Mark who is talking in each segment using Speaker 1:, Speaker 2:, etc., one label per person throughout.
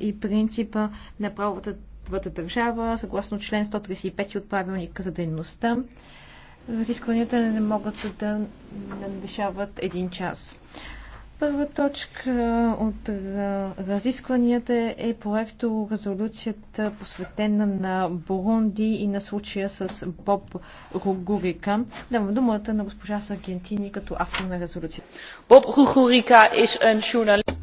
Speaker 1: и принципа на правовата държава, съгласно член 135 от правилника за дейността. Разискванията не могат да надвишават един час. Първа точка от разискванията е проекто резолюцията посветена на Бурунди и на случая с Боб Ругурика. Давам думата на госпожа Саргентини като автор на резолюцията. Боб Ругурика е журналист.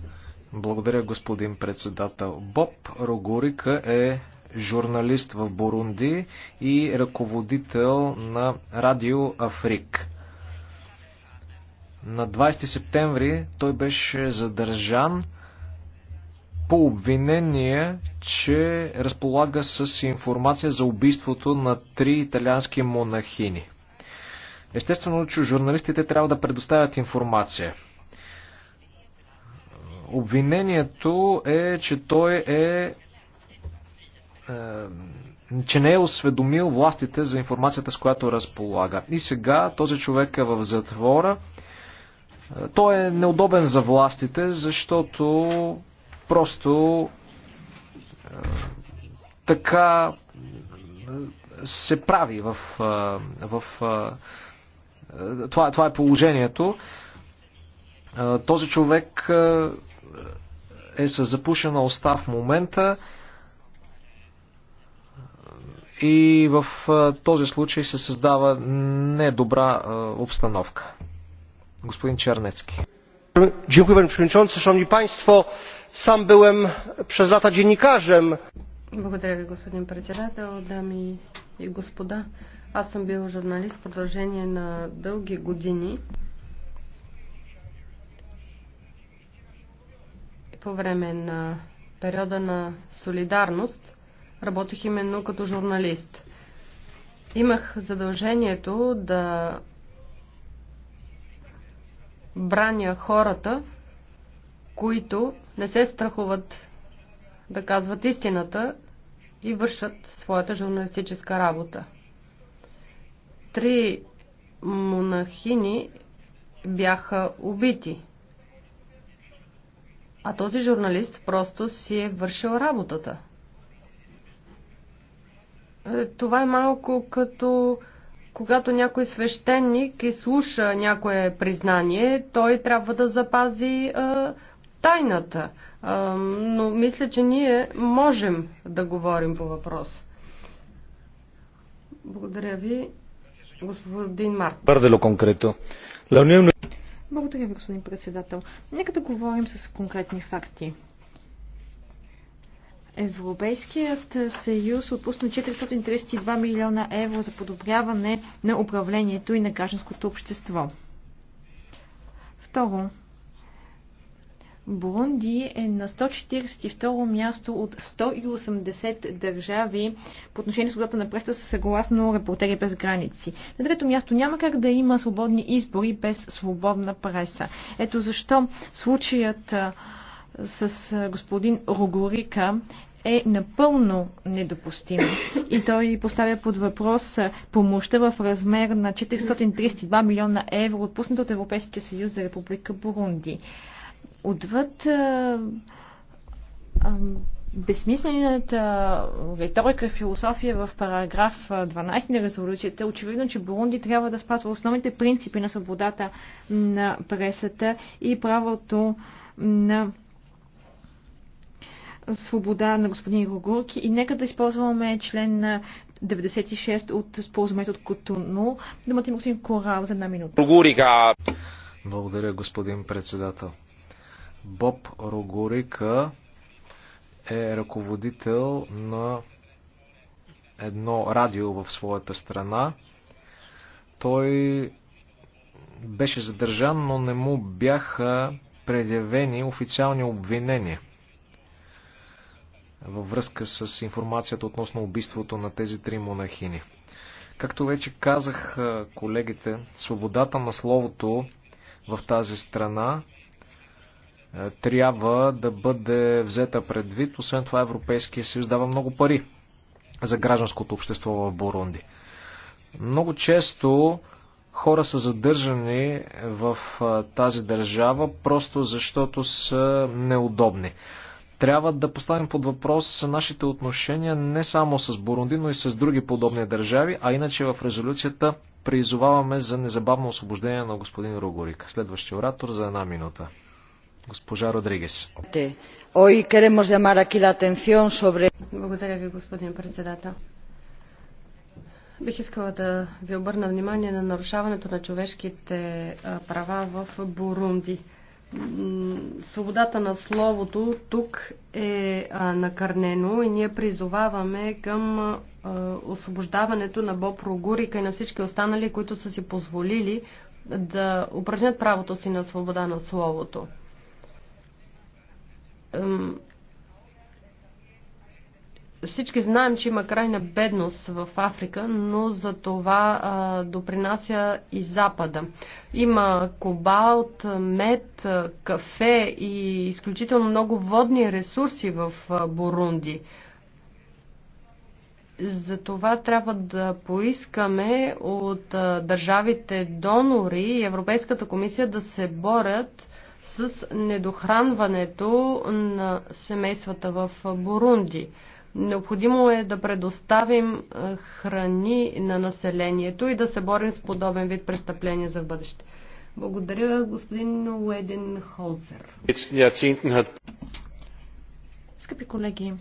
Speaker 2: Благодаря, господин председател. Боб Рогорика е журналист в Бурунди и ръководител на Радио Африк. На 20 септември той беше задържан по обвинение, че разполага с информация за убийството на три италиански монахини. Естествено, че журналистите трябва да предоставят информация Обвинението е, че той е, е че не е осведомил властите за информацията, с която разполага. И сега този човек е в затвора. Той е неудобен за властите, защото просто е, така се прави в, е, в това, това е положението. Този човек е с е, е, е запушена уста в момента и в този случай се създава недобра обстановка. Господин Чернецки. Dziękuję panie przewodniczący, szanowni państwo. Sam byłem przez lata
Speaker 3: dziennikarzem. Благодаря ви, господин председател, дами и господа. Аз съм бил журналист в продължение на дълги години. по време на периода на солидарност работих именно като журналист. Имах задължението да браня хората, които не се страхуват да казват истината и вършат своята журналистическа работа. Три монахини бяха убити а този журналист просто си е вършил работата. Е, това е малко като когато някой свещеник изслуша някое признание, той трябва да запази е, тайната. Е, но мисля, че ние можем да говорим по въпрос.
Speaker 1: Благодаря ви, господин Март.
Speaker 2: Бърде конкретно.
Speaker 1: Благодаря ви, господин председател. Нека да говорим с конкретни факти. Европейският съюз отпусна 432 милиона евро за подобряване на управлението и на гражданското общество. Второ, Бурунди е на 142 място от 180 държави по отношение свободата на преста съгласно репортери без граници. На трето място няма как да има свободни избори без свободна преса. Ето защо случаят с господин Рогорика е напълно недопустим. И той поставя под въпрос помощта в размер на 432 милиона евро, отпуснато от Европейския съюз за Република Бурунди отвъд а, а, безсмислената риторика и философия в параграф 12 на резолюцията, очевидно, че Бурунди трябва да спазва основните принципи на свободата на пресата и правото на свобода на господин Рогурки и нека да използваме член 96 от споразумението от Котуно. Думата има господин Корал за една минута.
Speaker 2: Благодаря, господин председател. Боб Рогорика е ръководител на едно радио в своята страна. Той беше задържан, но не му бяха предявени официални обвинения във връзка с информацията относно убийството на тези три монахини. Както вече казах колегите, свободата на словото в тази страна е, трябва да бъде взета предвид. Освен това Европейския съюз дава много пари за гражданското общество в Бурунди. Много често хора са задържани в е, тази държава просто защото са неудобни. Трябва да поставим под въпрос нашите отношения не само с Бурунди, но и с други подобни държави, а иначе в резолюцията призоваваме за незабавно освобождение на господин Рогорик. Следващия оратор за една минута. Госпожа Родригес.
Speaker 3: Благодаря ви, господин председател. Бих искала да ви обърна внимание на нарушаването на човешките права в Бурунди. Свободата на словото тук е накърнено и ние призоваваме към освобождаването на Боб Рогурика и на всички останали, които са си позволили да упражнят правото си на свобода на словото всички знаем, че има крайна бедност в Африка, но за това а, допринася и Запада. Има кобалт, мед, кафе и изключително много водни ресурси в Бурунди. За това трябва да поискаме от държавите донори и Европейската комисия да се борят с недохранването на семействата в Бурунди. Необходимо е да предоставим е, храни на населението и да се борим с подобен вид престъпления за бъдеще. Благодаря, господин
Speaker 1: Уеден Холзер. Скъпи колеги,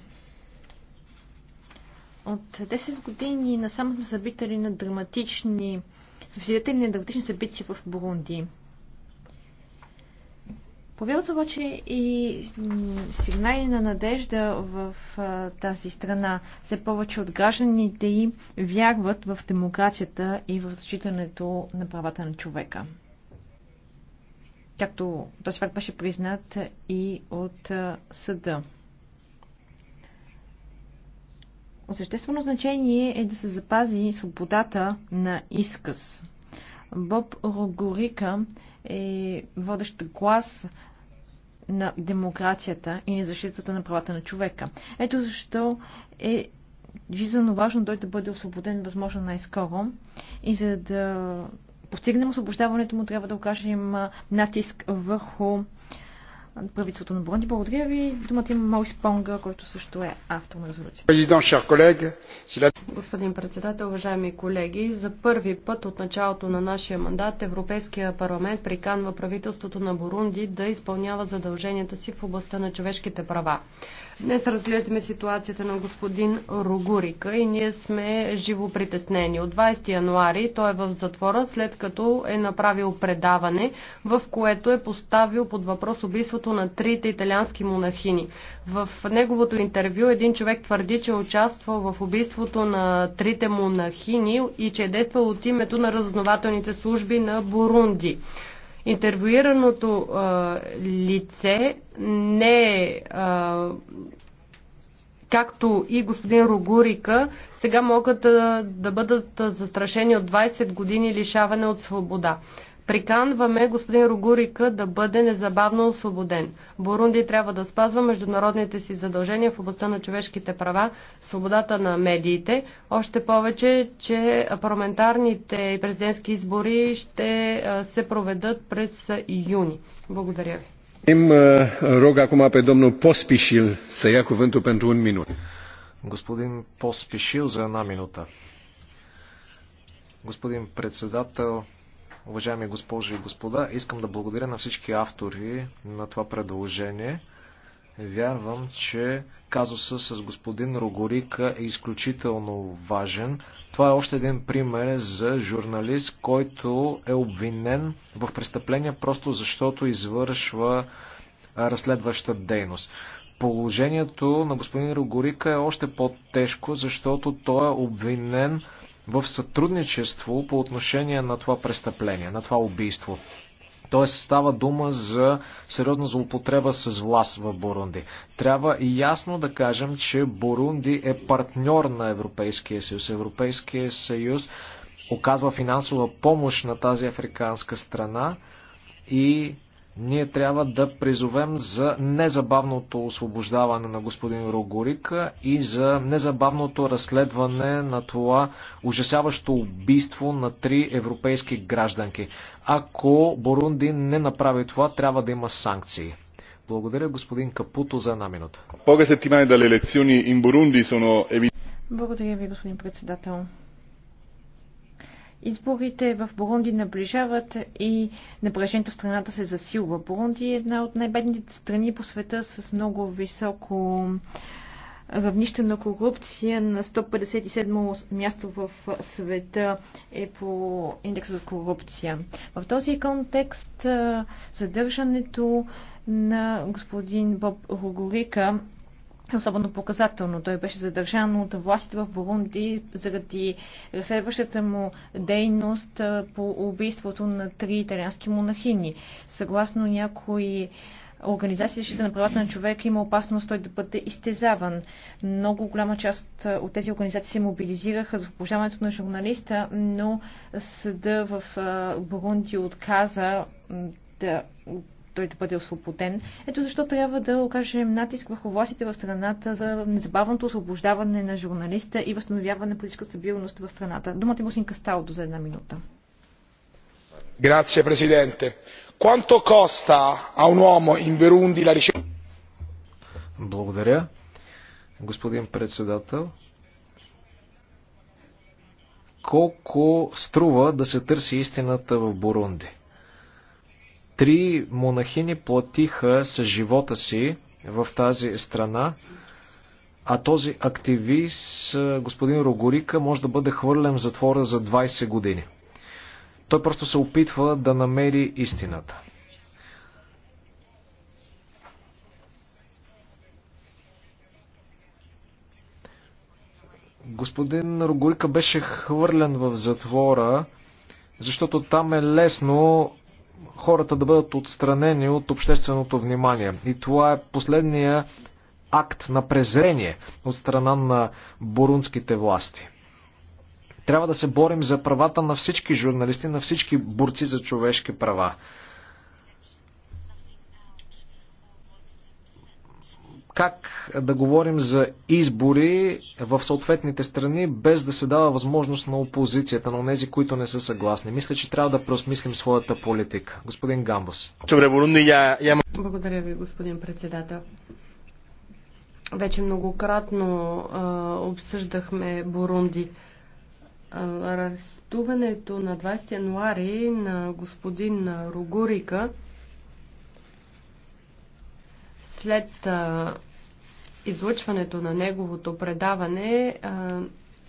Speaker 1: от 10 години насам сме забители на драматични, свидетели на драматични събития в Бурунди. Появяват се обаче и сигнали на надежда в а, тази страна. Все повече от гражданите им вярват в демокрацията и в зачитането на правата на човека. Както този факт беше признат и от а, съда. съществено значение е да се запази свободата на изказ. Боб Рогорика е водещ глас на демокрацията и на защитата на правата на човека. Ето защо е жизненно важно той да бъде освободен възможно най-скоро и за да постигнем освобождаването му трябва да окажем натиск върху правителството на Бронди. Благодаря ви. Думата има Морис Понга, който също е автор на
Speaker 2: резолюцията.
Speaker 1: Господин председател, уважаеми
Speaker 3: колеги, за първи път от началото на нашия мандат Европейския парламент приканва правителството на Бурунди да изпълнява задълженията си в областта на човешките права. Днес разглеждаме ситуацията на господин Рогурика и ние сме живо притеснени. От 20 януари той е в затвора, след като е направил предаване, в което е поставил под въпрос убийството убийството на трите италиански монахини. В неговото интервю един човек твърди, че е участвал в убийството на трите монахини и че е действал от името на разузнавателните служби на Бурунди. Интервюираното а, лице не е а, както и господин Рогурика, сега могат да, да бъдат застрашени от 20 години лишаване от свобода. Приканваме господин Рогурика да бъде незабавно освободен. Бурунди трябва да спазва международните си задължения в областта на човешките права, свободата на медиите, още повече, че парламентарните и президентски избори ще се проведат през юни. Благодаря ви.
Speaker 2: Им рога, ако мапе домно поспишил, са яко вънто pentru un Господин Поспишил, за една минута. Господин председател, Уважаеми госпожи и господа, искам да благодаря на всички автори на това предложение. Вярвам, че казуса с господин Рогорика е изключително важен. Това е още един пример за журналист, който е обвинен в престъпление просто защото извършва разследваща дейност. Положението на господин Рогорика е още по-тежко, защото той е обвинен в сътрудничество по отношение на това престъпление, на това убийство. Тоест става дума за сериозна злоупотреба с власт в Бурунди. Трябва и ясно да кажем, че Бурунди е партньор на Европейския съюз. Европейския съюз оказва финансова помощ на тази африканска страна и ние трябва да призовем за незабавното освобождаване на господин Рогорика и за незабавното разследване на това ужасяващо убийство на три европейски гражданки. Ако Борунди не направи това, трябва да има санкции. Благодаря господин Капуто за една минута.
Speaker 1: Благодаря ви, господин председател. Изборите в Бурунди наближават и напрежението в страната се засилва. Бурунди е една от най-бедните страни по света с много високо равнище на корупция на 157 място в света е по индекса за корупция. В този контекст задържането на господин Боб Рогорика особено показателно. Той беше задържан от властите в Бурунди заради разследващата му дейност по убийството на три италиански монахини. Съгласно някои организации защита на правата на човека има опасност той да бъде изтезаван. Много голяма част от тези организации се мобилизираха за обожаването на журналиста, но съда в Бурунди отказа да той да бъде освободен. Ето защо трябва да окажем натиск върху властите в страната за незабавното освобождаване на журналиста и възстановяване на политическа стабилност в страната. Думата му син Касталдо за една минута.
Speaker 2: Грация, Presidente. Quanto costa a un uomo in Burundi la ricerca? Благодаря. Господин председател, колко струва да се търси истината в Бурунди? Три монахини платиха с живота си в тази страна, а този активист, господин Рогорика, може да бъде хвърлен в затвора за 20 години. Той просто се опитва да намери истината. Господин Рогорика беше хвърлен в затвора, защото там е лесно хората да бъдат отстранени от общественото внимание. И това е последния акт на презрение от страна на бурунските власти. Трябва да се борим за правата на всички журналисти, на всички борци за човешки права. как да говорим за избори в съответните страни, без да се дава възможност на опозицията, на тези, които не са съгласни. Мисля, че трябва да преосмислим своята политика. Господин Гамбос.
Speaker 3: Благодаря ви, господин председател. Вече многократно а, обсъждахме Бурунди. Арестуването на 20 януари на господин Ругурика. след а, излъчването на неговото предаване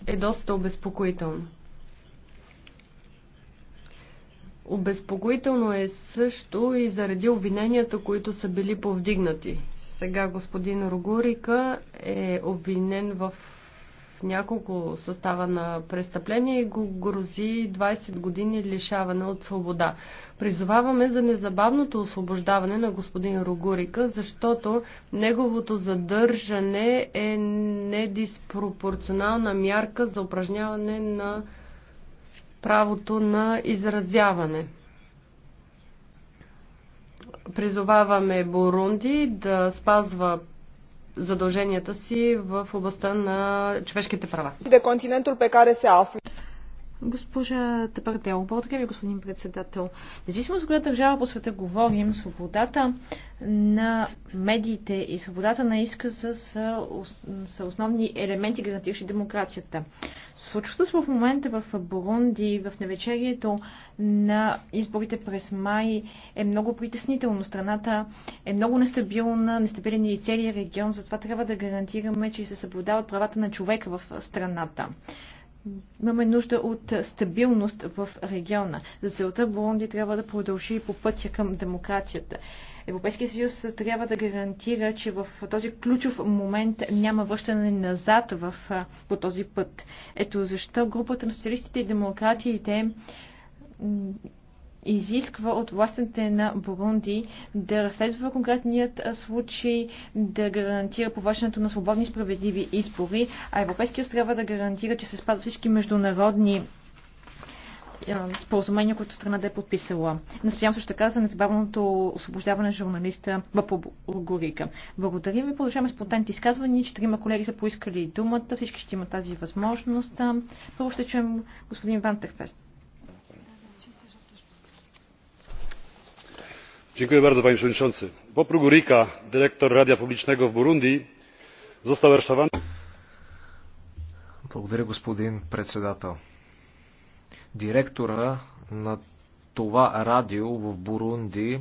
Speaker 3: е доста обезпокоително. Обезпокоително е също и заради обвиненията, които са били повдигнати. Сега господин Рогорика е обвинен в няколко състава на престъпления и го грози 20 години лишаване от свобода. Призоваваме за незабавното освобождаване на господин Рогурика, защото неговото задържане е недиспропорционална мярка за упражняване на правото на изразяване. Призоваваме Бурунди да спазва задълженията си в областта на човешките права.
Speaker 1: De continentul pe care se află. Госпожа Тапартел, благодаря ви, господин председател. Независимо за коя държава по света говорим, свободата на медиите и свободата на изказа са, са основни елементи, гарантиращи демокрацията. Случва се в момента в Бурунди, в навечерието на изборите през май е много притеснително. Страната е много нестабилна, нестабилен е и целият регион, затова трябва да гарантираме, че се съблюдават правата на човека в страната имаме нужда от стабилност в региона. За целта Бурунди трябва да продължи по пътя към демокрацията. Европейския съюз трябва да гарантира, че в този ключов момент няма връщане назад в, по този път. Ето защо групата на социалистите и демократиите изисква от властите на Бурунди да разследва конкретният случай, да гарантира повършенето на свободни и справедливи избори, а Европейския трябва да гарантира, че се спадат всички международни споразумения, които страната е подписала. Настоявам също така за незабавното освобождаване на журналиста Бапо Горика. Благодарим ви. Продължаваме спонтанните изказвания. Четирима колеги са поискали думата. Всички ще имат тази възможност. Първо ще чуем господин Ван Терфест.
Speaker 2: panie przewodniczący! bob rugurika dyrektor radia publicznego w burundi został aresztowany. Благодаря, господин председател. Директора на това радио в Бурунди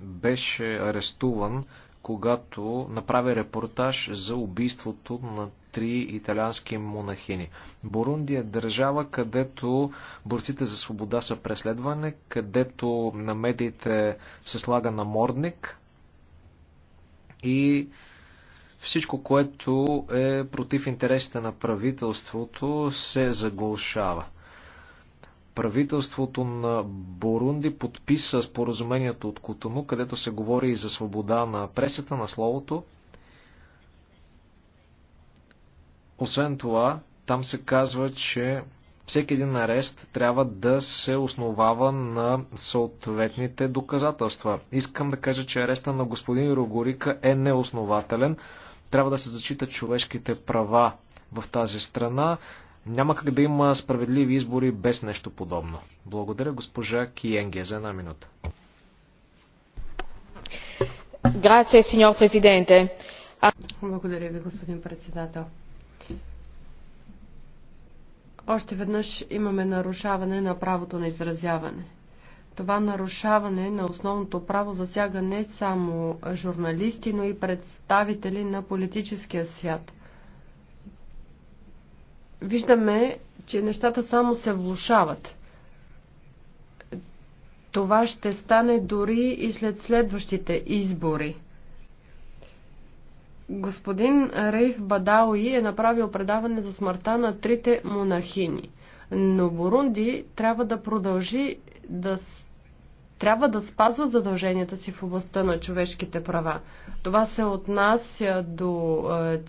Speaker 2: беше арестуван, когато направи репортаж за убийството на три италиански монахини. Бурунди е държава, където борците за свобода са преследване, където на медиите се слага на мордник и всичко, което е против интересите на правителството, се заглушава. Правителството на Бурунди подписа споразумението от Котону, където се говори и за свобода на пресата, на словото, Освен това, там се казва, че всеки един арест трябва да се основава на съответните доказателства. Искам да кажа, че ареста на господин Рогорика е неоснователен. Трябва да се зачитат човешките права в тази страна. Няма как да има справедливи избори без нещо подобно. Благодаря госпожа Киенге за една минута.
Speaker 1: Благодаря ви, господин председател.
Speaker 3: Още веднъж имаме нарушаване на правото на изразяване. Това нарушаване на основното право засяга не само журналисти, но и представители на политическия свят. Виждаме, че нещата само се влушават. Това ще стане дори и след следващите избори. Господин Рейф Бадауи е направил предаване за смъртта на трите монахини. Но Бурунди трябва да продължи да трябва да спазва задълженията си в областта на човешките права. Това се отнася до е,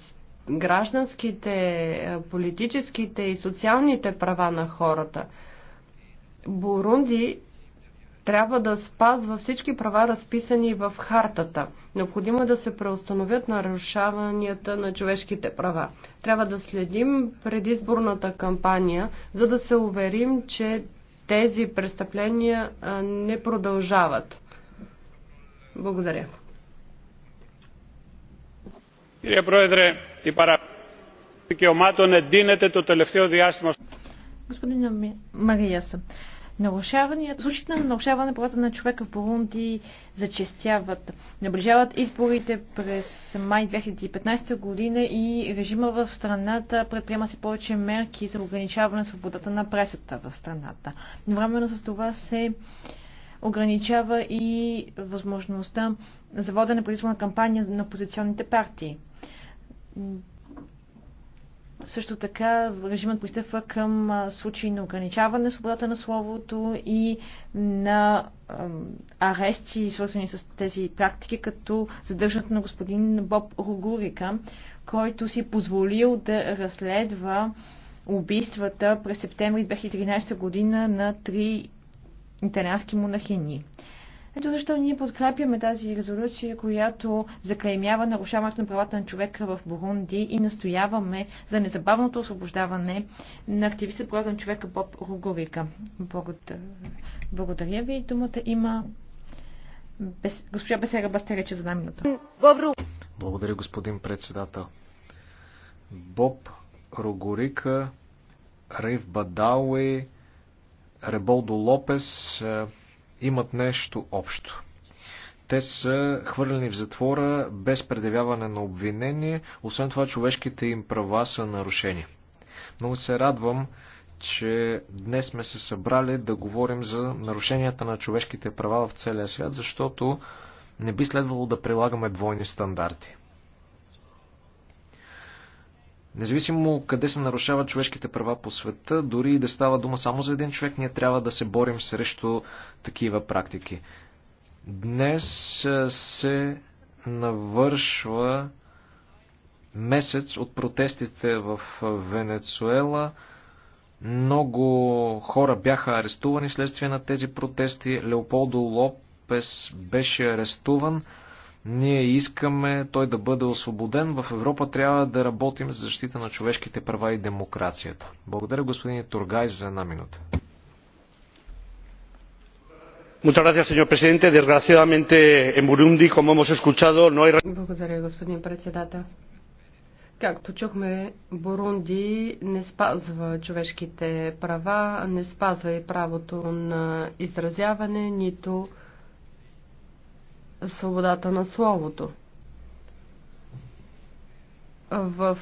Speaker 3: гражданските, е, политическите и социалните права на хората. Бурунди трябва да спазва всички права, разписани в хартата. Необходимо е да се преустановят нарушаванията на човешките права. Трябва да следим предизборната кампания, за да се уверим, че тези престъпления не продължават. Благодаря. Κύριε Πρόεδρε, η δικαιωμάτων εντείνεται το τελευταίο διάστημα.
Speaker 1: Господин Μαρίας, Нарушаванията, случаите на нарушаване правата на човека в Бурунди зачестяват. Наближават изборите през май 2015 година и режима в страната предприема се повече мерки за ограничаване на свободата на пресата в страната. Времено с това се ограничава и възможността за водене предизборна кампания на опозиционните партии също така режимът пристъпва към случаи на ограничаване на свободата на словото и на арести, свързани с тези практики, като задържането на господин Боб Ругурика, който си е позволил да разследва убийствата през септември 2013 година на три италиански монахини. Ето защо ние подкрепяме тази резолюция, която заклеймява нарушаването на правата на човека в Бурунди и настояваме за незабавното освобождаване на активиста права на човека Боб Ругорика. Благодаря, Благодаря ви. Думата има Без... госпожа Бесера Бастерече за една минута.
Speaker 2: Благодаря, господин председател. Боб Ругорика, Рейв Бадауи, Реболдо Лопес, имат нещо общо. Те са хвърлени в затвора без предявяване на обвинение, освен това човешките им права са нарушени. Много се радвам, че днес сме се събрали да говорим за нарушенията на човешките права в целия свят, защото не би следвало да прилагаме двойни стандарти. Независимо къде се нарушават човешките права по света, дори и да става дума само за един човек, ние трябва да се борим срещу такива практики. Днес се навършва месец от протестите в Венецуела. Много хора бяха арестувани следствие на тези протести. Леополдо Лопес беше арестуван. Ние искаме той да бъде освободен. В Европа трябва да работим за защита на човешките права и демокрацията. Благодаря господин Тургай за една минута.
Speaker 3: señor presidente desgraciadamente en burundi como hemos escuchado no hay. благодаря господин председател. Както чухме, Бурунди не спазва човешките права, не спазва и правото на изразяване, нито свободата на словото. В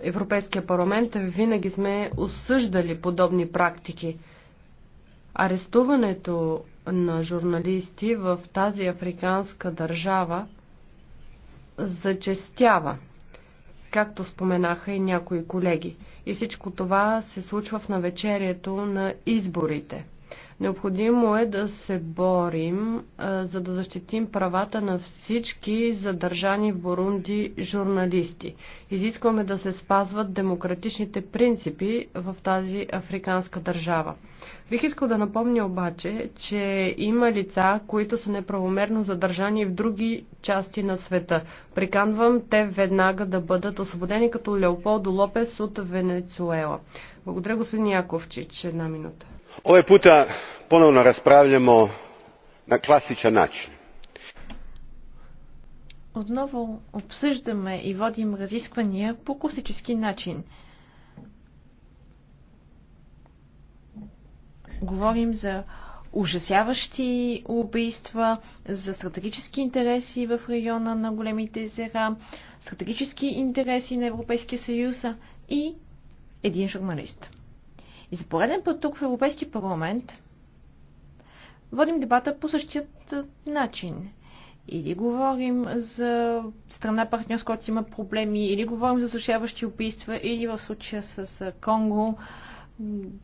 Speaker 3: Европейския парламент винаги сме осъждали подобни практики. Арестуването на журналисти в тази африканска държава зачестява, както споменаха и някои колеги. И всичко това се случва в навечерието на изборите – Необходимо е да се борим, за да защитим правата на всички задържани в Бурунди журналисти. Изискваме да се спазват демократичните принципи в тази африканска държава. Бих искал да напомня обаче, че има лица, които са неправомерно задържани в други части на света. Приканвам те веднага да бъдат освободени като Леополдо Лопес от Венецуела. Благодаря, господин Яковчич. Една минута ovaj put ponovno raspravljamo na klasičan način.
Speaker 1: Отново обсъждаме и водим разисквания по класически начин. Говорим за ужасяващи убийства, за стратегически интереси в района на големите езера, стратегически интереси на Европейския съюз и един журналист. И за пореден път тук в Европейски парламент водим дебата по същият начин. Или говорим за страна партньор, с която има проблеми, или говорим за засушаващи убийства, или в случая с Конго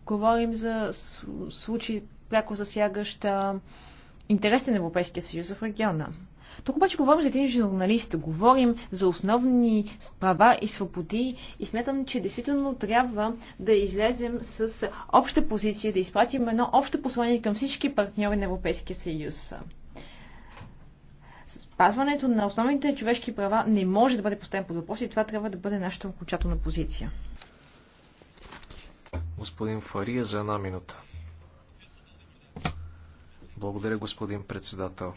Speaker 1: говорим за случаи, пряко засягаща интересите на Европейския съюз в региона. Тук обаче говорим за един журналист, говорим за основни права и свободи и смятам, че действително трябва да излезем с обща позиция, да изпратим едно общо послание към всички партньори на Европейския съюз. Спазването на основните човешки права не може да бъде поставен под въпрос и това трябва да бъде нашата окончателна позиция.
Speaker 2: Господин Фария за една минута. Благодаря, господин председател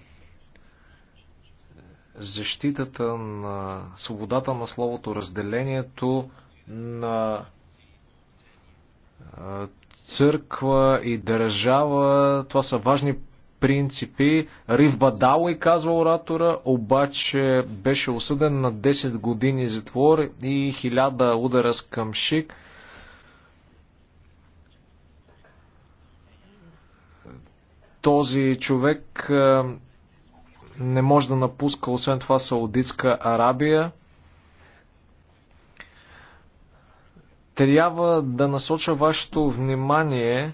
Speaker 2: защитата на свободата на словото, разделението на църква и държава. Това са важни принципи. Рив Бадауи, казва оратора, обаче беше осъден на 10 години затвор и 1000 удара с камшик. Този човек не може да напуска, освен това Саудитска Арабия. Трябва да насоча вашето внимание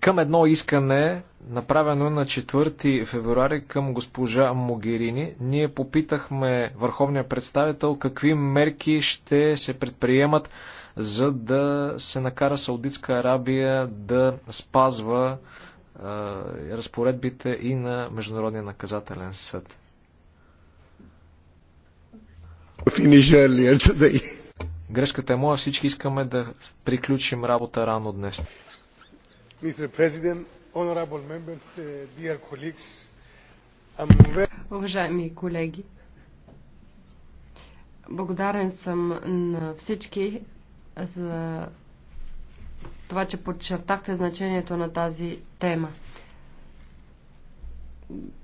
Speaker 2: към едно искане, направено на 4 февруари към госпожа Могерини. Ние попитахме върховния представител какви мерки ще се предприемат, за да се накара Саудитска Арабия да спазва разпоредбите и на Международния наказателен съд. Грешката е моя, всички искаме да приключим работа рано днес.
Speaker 3: Uh, Уважаеми колеги, благодарен съм на всички за това, че подчертахте значението на тази тема.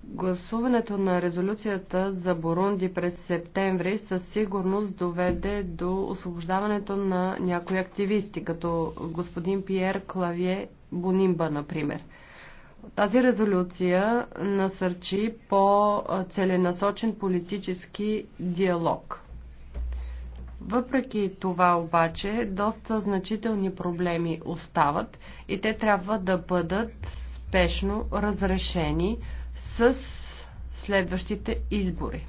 Speaker 3: Гласуването на резолюцията за Бурунди през септември със сигурност доведе до освобождаването на някои активисти, като господин Пьер Клавие Бонимба, например. Тази резолюция насърчи по-целенасочен политически диалог – въпреки това обаче, доста значителни проблеми остават и те трябва да бъдат спешно разрешени с следващите избори.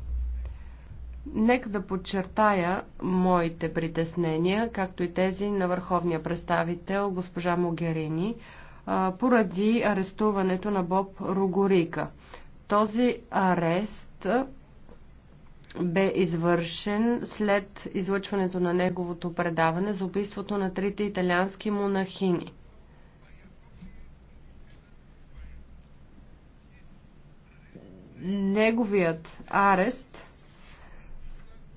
Speaker 3: Нека да подчертая моите притеснения, както и тези на върховния представител госпожа Могерини, поради арестуването на Боб Рогорика. Този арест бе извършен след излъчването на неговото предаване за убийството на трите италиански монахини. Неговият арест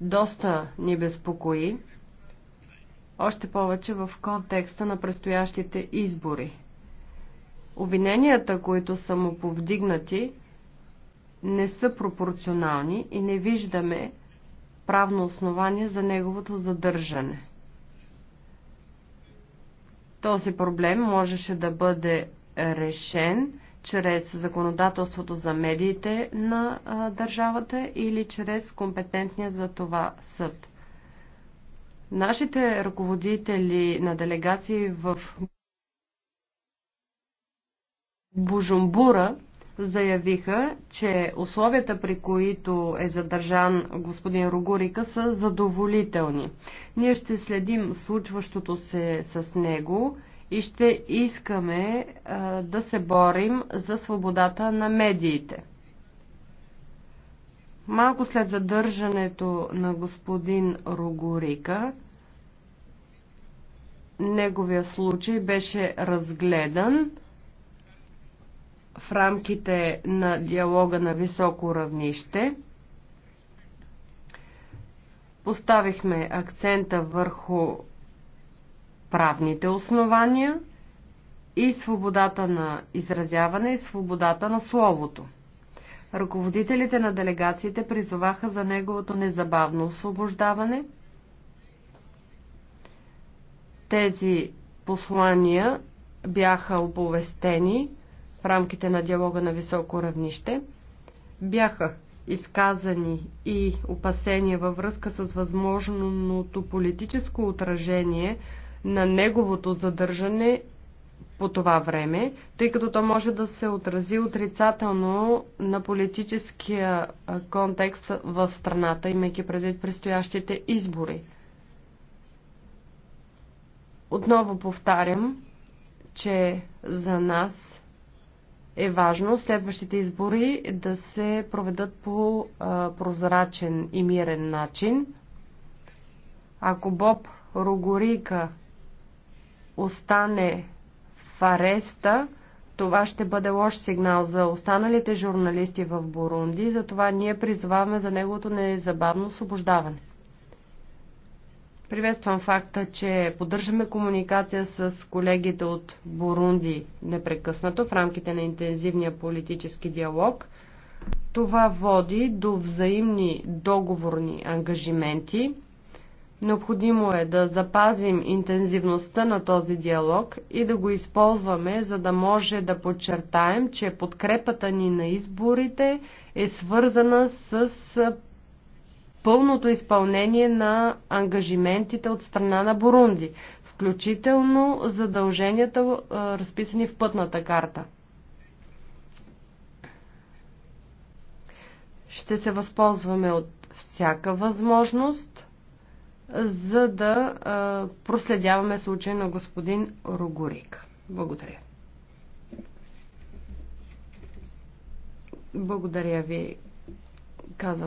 Speaker 3: доста ни безпокои, още повече в контекста на предстоящите избори. Обвиненията, които са му повдигнати, не са пропорционални и не виждаме правно основание за неговото задържане. Този проблем можеше да бъде решен чрез законодателството за медиите на а, държавата или чрез компетентния за това съд. Нашите ръководители на делегации в Бужумбура заявиха, че условията, при които е задържан господин Рогорика, са задоволителни. Ние ще следим случващото се с него и ще искаме а, да се борим за свободата на медиите. Малко след задържането на господин Рогорика, неговия случай беше разгледан в рамките на диалога на високо равнище. Поставихме акцента върху правните основания и свободата на изразяване и свободата на словото. Ръководителите на делегациите призоваха за неговото незабавно освобождаване. Тези послания бяха оповестени рамките на диалога на високо равнище. Бяха изказани и опасения във връзка с възможното политическо отражение на неговото задържане по това време, тъй като то може да се отрази отрицателно на политическия контекст в страната, имайки предвид предстоящите избори. Отново повтарям, че за нас е важно следващите избори да се проведат по прозрачен и мирен начин. Ако Боб Рогорика остане в ареста, това ще бъде лош сигнал за останалите журналисти в Бурунди, затова ние призваваме за неговото незабавно освобождаване. Приветствам факта, че поддържаме комуникация с колегите от Бурунди непрекъснато в рамките на интензивния политически диалог. Това води до взаимни договорни ангажименти. Необходимо е да запазим интензивността на този диалог и да го използваме, за да може да подчертаем, че подкрепата ни на изборите е свързана с пълното изпълнение на ангажиментите от страна на Бурунди, включително задълженията, разписани в пътната карта. Ще се възползваме от всяка възможност, за да проследяваме случай на господин Рогорик. Благодаря. Благодаря ви, каза